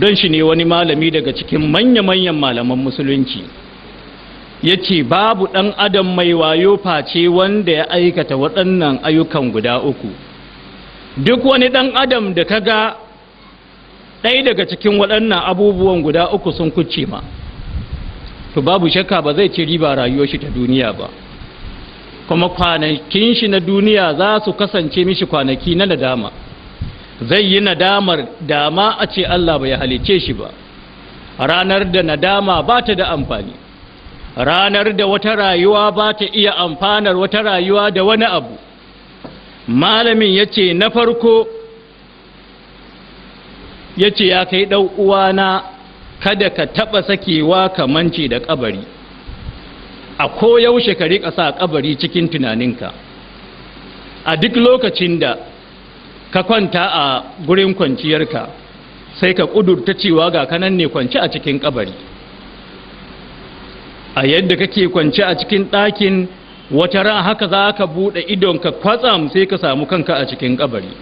don shi ne wani malami daga cikin manya-manyan malaman musulunci ya ce babu ɗan adam mai wayo face wanda ya aikata waɗannan ayyukan guda uku duk wani ɗan adam da ka ga ɗaya daga cikin waɗannan abubuwan guda uku sun kuce ma to babu shakka ba zai ci riba rayuwar shi ta duniya ba kuma kwanakin shi na duniya za su kasance mishi kwanaki na nadama zai yi nadamar dama a ce Allah bai halice shi ba ranar da nadama ba ta da amfani ranar da wata rayuwa ba ta iya amfanar wata rayuwa da wani abu malamin ya ce na farko ya ce ya kai ɗan na kada ka taɓa sakewa kamanci da ƙabari a koyaushe ka riƙa sa ƙabari cikin tunaninka a duk lokacin da ka kwanta a gurin kwanciyarka sai ka ƙudurta cewa ga kanan ne kwanci a cikin kabari a yadda kake kwanci a cikin ɗakin wata ran haka za ka buɗe idon ka kwatsam sai ka samu kanka a cikin kabari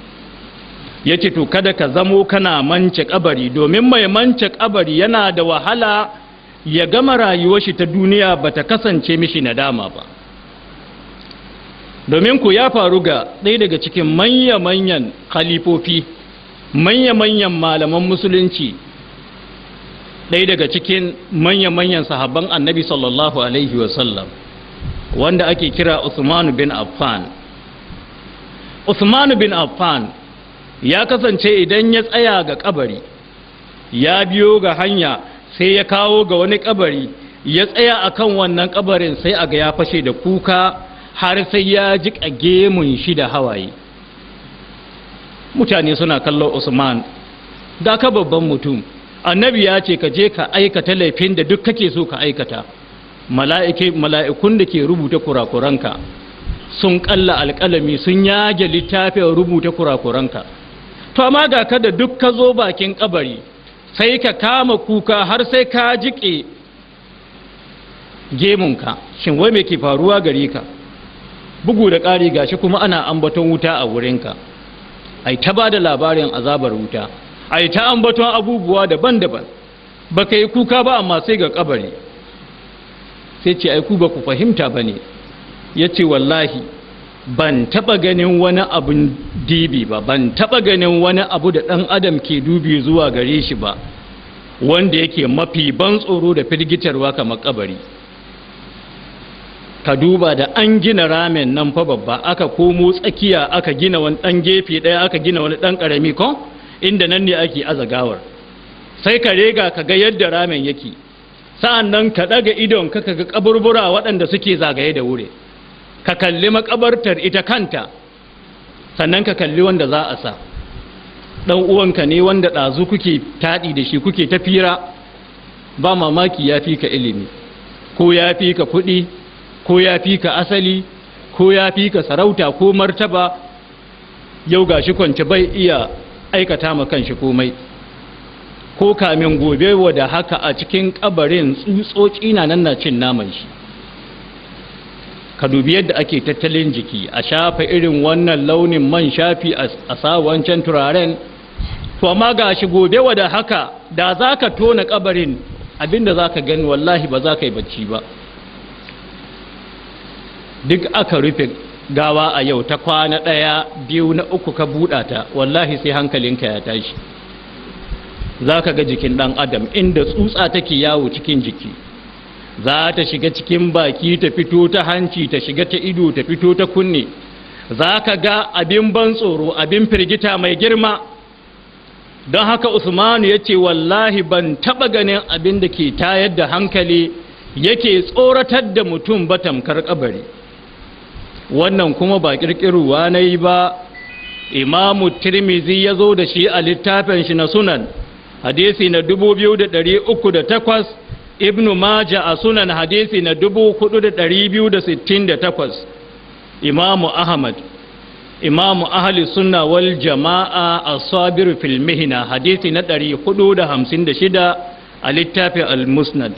ya ce to kada ka zamo kana mance kabari domin mai mance ƙabari yana da wahala ya gama rayuwar shi ta duniya ba ta kasance mishi nadama ba domin ku ya faru ga ɗaya daga cikin manya-manyan khalifofi manya-manyan malaman musulunci ɗaya daga cikin manya-manyan sahabban annabi sallallahu alaihi wasallam wanda ake kira Usmanu bin Affan Usmanu bin Affan ya kasance idan ya tsaya ga kabari ya biyo ga hanya sai ya kawo ga wani kabari ya tsaya akan wannan kabarin sai aga ya fashe da kuka har sai ya jiƙa gemun shi da hawaye mutane suna kallon usman Da ka babban mutum annabi ya ce ka je ka aikata laifin da duk kake so ka aikata mala'ikun da ke rubuta kurakuranka sun kalla alƙalami sun yage littafin rubuta kurakuranka to amma ga ka da duk ka zo bakin kabari sai ka kama kuka har sai ka jiƙe gemunka shin wai me ke faruwa gare ka bugu da ƙari gashi kuma ana ambaton wuta a wurinka ai ta ba da labarin azabar wuta ai ta ambaton abubuwa daban-daban ba ka yi kuka ba amma sai ga kabari sai ce ai ku ba ku fahimta ba ne ya ce wallahi ban taɓa ganin wani abin dibi ba ban taɓa ganin wani abu da ɗan adam ke dubi zuwa gare shi ba wanda yake mafi ban tsoro da firgitarwa kamar ƙabari. ka duba da an gina ramen nan fa babba aka komo tsakiya aka gina wani ɗan gefe ɗaya aka gina wani ɗan karami ko inda nan ne ake azagawar, sai ka rega ka ga yadda ramen yake sa'an nan ka ɗaga idon ka ga kaburbura waɗanda suke zagaye da wuri ka kalli makabartar ita kanta sannan ka kalli wanda za a sa ɗan uwanka ne wanda ɗazu kuke taɗi da shi kuke tafira ba mamaki ya fi ka ilimi ko ya fi ka kuɗi ko ya fi ka asali ko ya fi ka sarauta ko martaba yau ga shi kwanci bai iya aikata ma kanshi komai ko kamin gobe wada haka a cikin kabarin tsutsotsi na nan na cin naman shi ka dubi yadda ake tattalin jiki a shafa irin wannan launin man shafi a sa wancan turaren to amma ga shi gobe wada haka da za ka tona kabarin abinda za ka gani wallahi ba za ka yi bacci ba duk aka rufe gawa a yau ta kwana ɗaya biyu na uku ka buɗata, wallahi sai hankalinka ya tashi za ka ga jikin ɗan adam inda tsutsa take yawo cikin jiki za ta shiga cikin baki ta fito ta hanci ta shiga ta ido ta fito ta kunne za ka ga abin ban tsoro abin firgita mai girma don haka usmanu ya ce wallahi ban taɓa ganin abin da ke tayar da hankali yake tsoratar da mutum ba tamkar ƙabari. wannan kuma ba ƙirƙiruwa na yi ba imamu tirmizi ya zo da shi a littafin shi na sunan hadisi na 2308 Ibn maja a sunan hadisi na 4268 imamu ahmad imamu ahli sunna wal jama'a a sabir filmihina hadisi na 456 a littafin al-musnad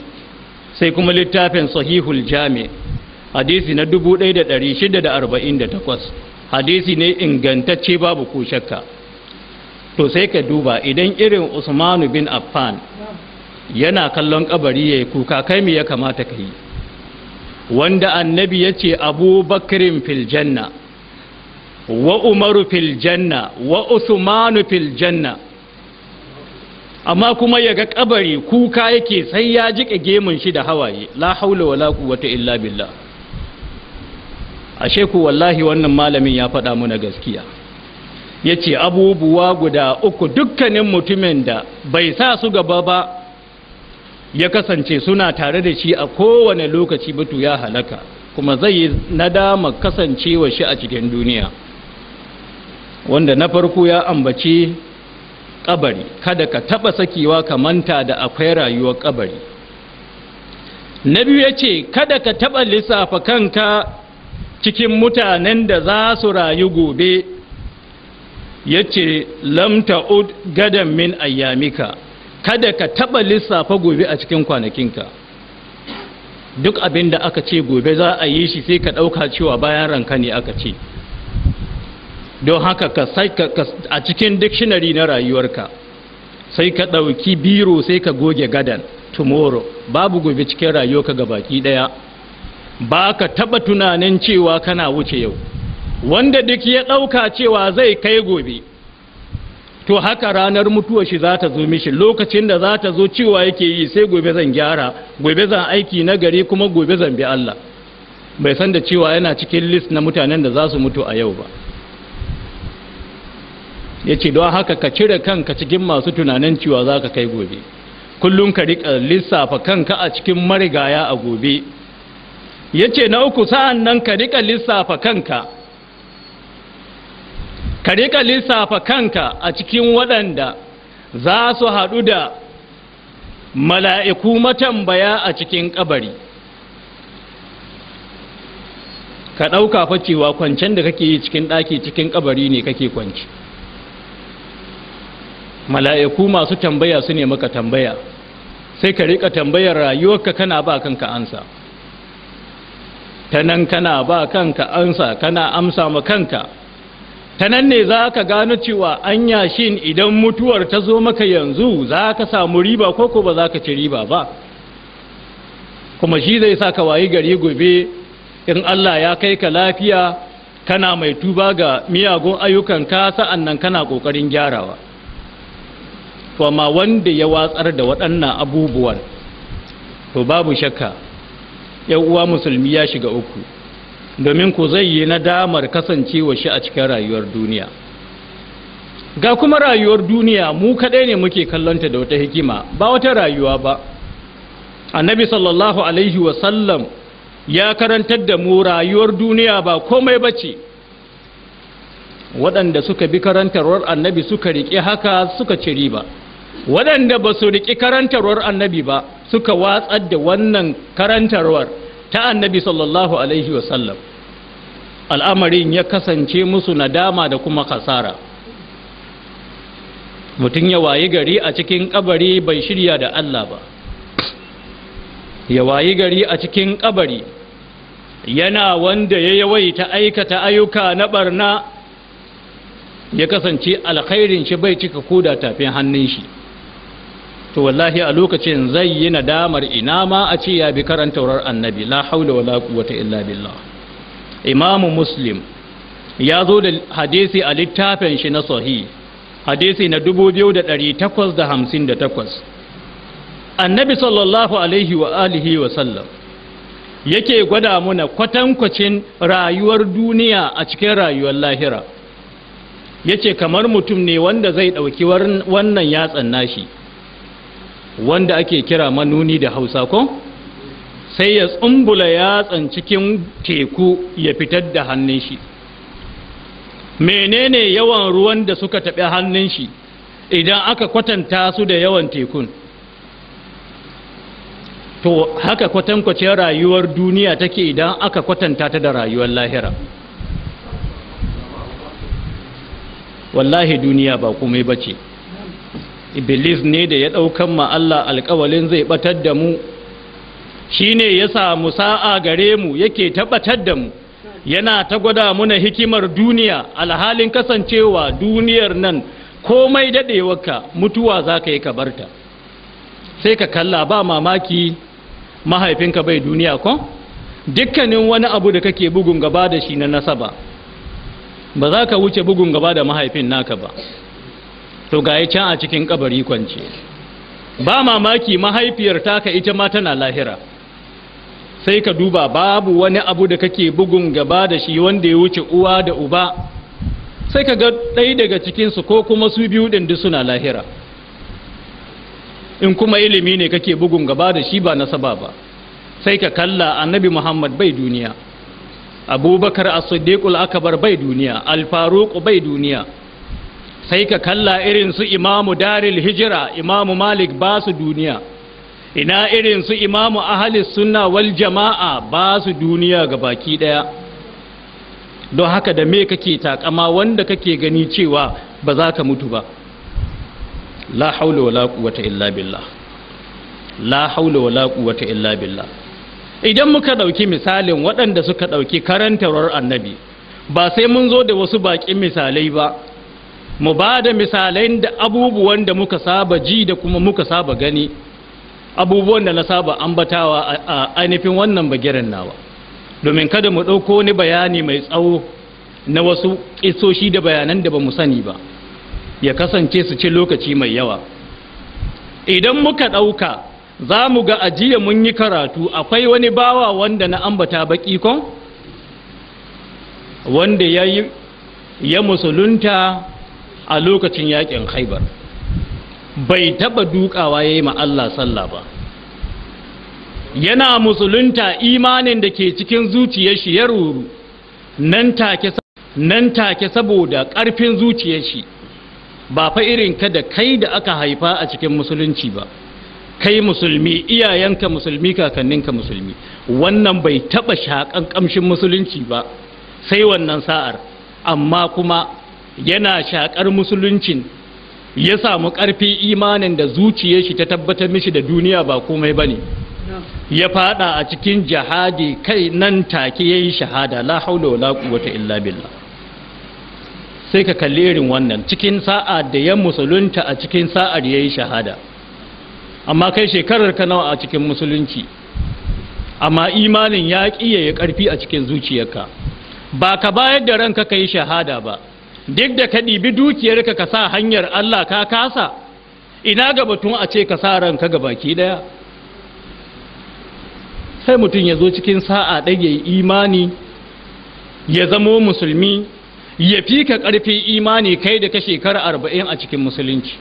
sai kuma littafin sahihul Jami'a. hadisi na 1648 hadisi ne ingantacce babu ko shakka to sai ka duba idan irin usmanu bin affan yana kallon kabari yayi kuka kai me ya kamata ka wanda annabi ya ce abubakarin filjanna wa umaru filjanna wa usmanu filjanna amma kuma ya ga kabari kuka yake sai ya jiƙa gemun shi da hawaye la haula wala quwwata illa billah ashe ku wallahi wannan malamin ya faɗa muna gaskiya ya ce abubuwa guda uku dukkanin mutumin da bai sa su gaba ba ya kasance suna tare da shi a kowane lokaci batu ya halaka kuma zai yi nadama kasancewa shi a cikin duniya wanda na farko ya ambaci kabari kada ka taba sakewa ka manta da akwai rayuwar kabari na biyu ya ce kada ka taba lissafa kanka cikin mutanen da za su rayu gobe ya ce lamta'ud gadan min ayyamika kada ka taɓa lissafa gobe a cikin kwanakinka duk abin da aka ce gobe za a yi shi sai ka ɗauka cewa bayan ranka ne aka ce don haka ka a cikin dictionary na rayuwarka sai ka ɗauki biro sai ka goge gadan tomorrow babu gobe cikin rayuwarka ga baki ɗaya ba ka taɓa tunanin cewa kana wuce yau wanda duk ya ɗauka cewa zai kai gobe to haka ranar mutuwar shi za ta zo mishi lokacin da za ta zo cewa yake yi sai gobe zan gyara gobe zan aiki na gari kuma gobe zan bi Allah bai san da cewa yana cikin list na mutanen da za su mutu a yau ba ya ce don haka ka cire kanka cikin masu tunanin cewa za ka kai gobe kullum ka riƙa lissafa kanka a cikin marigaya a gobe ya ce na uku sa'an nan ka riƙa lissafa kanka ka lissafa kanka a cikin waɗanda za su haɗu da mala'iku matambaya a cikin ƙabari ka ɗauka facewa kwancen da kake yi cikin ɗaki cikin ƙabari ne kake kwanci mala'iku masu tambaya su ne maka tambaya sai ka riƙa tambayar rayuwarka kana ba kanka ansa. ta nan kana ba kanka ansa kana amsa ma kanka ta nan ne za ka gano cewa anya shin idan mutuwar ta zo maka yanzu za ka samu riba ko ko ba za ka ci riba ba kuma shi zai sa ka wayi gari gobe in Allah ya kai ka lafiya kana mai tuba ga miyagun ayyukan ka sa'an nan kana ƙoƙarin gyarawa to amma wanda ya watsar da waɗannan abubuwan to babu shakka uwa musulmi ya shiga uku domin ku zai yi na damar kasancewa shi a cikin rayuwar duniya ga kuma rayuwar duniya mu kaɗai ne muke kallonta da wata hikima ba wata rayuwa ba annabi sallallahu alaihi wasallam ya karantar da mu rayuwar duniya ba komai ba ce waɗanda suka bi karantarwar annabi suka riƙe haka suka ci riba waɗanda ba su riƙe karantarwar annabi ba suka watsar da wannan karantarwar ta annabi sallallahu alaihi wasallam al'amarin ya kasance musu nadama da kuma kasara mutum ya wayi gari a cikin kabari bai shirya da Allah ba ya wayi gari a cikin kabari yana wanda ya yawaita aikata ayyuka na barna ya kasance alkhairin shi bai cika koda tafin hannun shi to wallahi a lokacin zai yi nadamar ina ma a ce ya bi karanta wurar annabi la haula wala quwwata illa billah imamu muslim ya zo da hadisi a littafin shi na sahih hadisi na 2858 annabi sallallahu alaihi wa alihi wa sallam yake gwada muna kwatankwacin rayuwar duniya a cikin rayuwar lahira yace kamar mutum ne wanda zai ɗauki wannan yatsan nashi wanda ake kira manuni da hausa ko sai ya tsumbula yatsan cikin teku ya fitar da hannun shi menene yawan ruwan da suka taɓi hannun shi idan aka kwatanta su da yawan tekun to haka kwatankwace rayuwar duniya take idan aka kwatanta ta da rayuwar lahira wallahi duniya ba komai ba ce iblis ne da ya ɗaukan ma Allah alƙawalin zai ɓatar da mu shi ne ya samu sa'a gare mu yake taɓatar da mu yana ta gwada muna hikimar duniya alhalin kasancewa duniyar nan komai daɗewarka mutuwa za ka yi kabarta sai ka kalla ba mamaki mahaifinka bai duniya ko dukkanin wani abu da kake bugun gaba da shi na nasaba ba za ka wuce bugun gaba da mahaifin naka ba to ga can a cikin kabari kwance ba mamaki mahaifiyar ka ita ma tana lahira sai ka duba babu wani abu da kake bugun gaba da shi wanda ya wuce uwa da uba sai ka ga ɗaya daga cikinsu ko kuma su biyu ɗin duk suna lahira in kuma ilimi ne kake bugun gaba da shi ba nasaba ba sai ka kalla annabi muhammad bai duniya abubakar as-siddiq al bai duniya al bai duniya sai ka kalla irin su imamu daril hijira imamu malik ba su duniya ina irin su imamu ahalis sunna wal jama'a ba su duniya ga baki daya don haka da me kake takama wanda kake gani cewa ba za ka mutu ba la haula wala quwwata illa billah la haula wala quwwata illa billah idan muka dauki misalin waɗanda suka dauki karantarwar annabi ba sai mun zo da wasu baƙin misalai ba mu ba da misalai da abubuwan da muka saba ji da kuma muka saba gani abubuwan da na saba ambatawa a ainihin wannan bagiren nawa domin kada mu ɗauko ni bayani mai tsawo na wasu ƙisoshi da bayanan da ba mu sani ba ya kasance su ci lokaci mai yawa idan muka ɗauka za mu ga ajiya mun yi karatu akwai wani bawa wanda na ambata baƙi kon wanda ya musulunta a lokacin yaƙin haibar bai taɓa dukawa yayi ma Allah sallah ba yana musulunta imanin da ke cikin zuciyar shi ya ruru nan take nan saboda ƙarfin zuciyar shi ba fa irin ka da kai da aka haifa a cikin musulunci ba kai musulmi iyayenka musulmi kakanninka musulmi wannan bai taɓa shakan kamshin musulunci ba sai wannan sa'ar amma kuma yana shakar musuluncin ya samu ƙarfi imanin da zuciyar shi ta tabbatar mishi da duniya ba komai ba ne ya fada a cikin jihadi kai nan take ya yi shahada la haula wala quwwata illa billah sai ka kalli irin wannan cikin sa'a da ya musulunta a cikin sa'ar ya yi shahada amma kai shekarar ka nawa a cikin musulunci amma imanin ya ƙi ya ƙarfi a cikin zuciyarka ba ka bayar da ranka ka yi shahada ba duk da ka ɗibi dukiyarka ka sa hanyar Allah ka kasa ina ga batun a ce ka sa ranka ga baki ɗaya sai mutum ya zo cikin sa'a yi imani ya zamo musulmi ya fi ka ƙarfi imani kai da ka shekara arba'in a cikin musulunci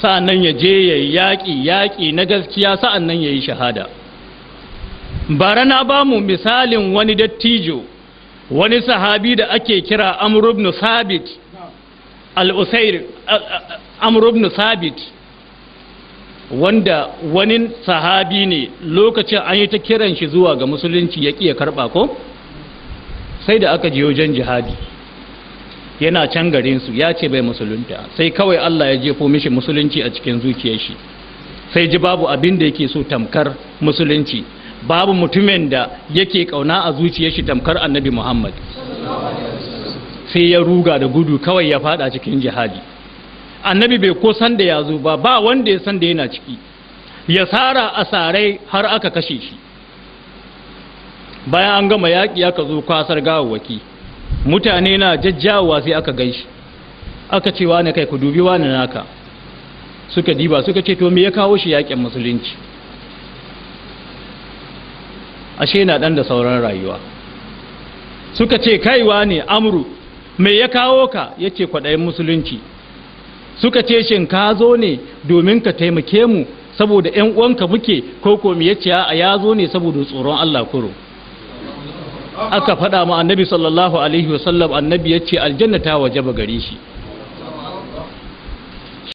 sa'an nan ya je ya yi yaƙi yaƙi na gaskiya sa'an nan ya yi shahada bara na ba mu misalin wani dattijo wani sahabi da ake kira amr ibn sabit al-usair sabit wanda wani sahabi ne lokacin an yi ta kiran shi zuwa ga musulunci ya ya karba ko sai da aka je wajen jihadi yana can garinsu ya ce bai musulunta sai kawai Allah ya jefo mishi musulunci a cikin zuciyar shi sai ji babu abin da yake so tamkar musulunci babu mutumin da yake kauna a zuciyar shi tamkar annabi muhammad sai ya ruga da gudu kawai ya fada cikin jihadi annabi bai ko san da ya zo ba ba wanda ya san da yana ciki ya sara asarai har aka kashe shi bayan an gama yaƙi aka zo kwasar gawawwaki mutane na jajjawa sai aka gan aka ce wani kai ku dubi wani naka suka diba suka ce to me ya kawo shi yaƙin musulunci ashe na ɗan da sauran rayuwa suka ce kaiwa ne amru mai ya kawo ka yace kwaɗayin musulunci suka ce shin ka zo ne domin ka taimake mu saboda ƴan uwanka muke ko ko me yace a ya zo ne saboda tsoron Allah kuro aka faɗa ma annabi sallallahu alaihi wasallam annabi yace aljanna ta wajaba gare shi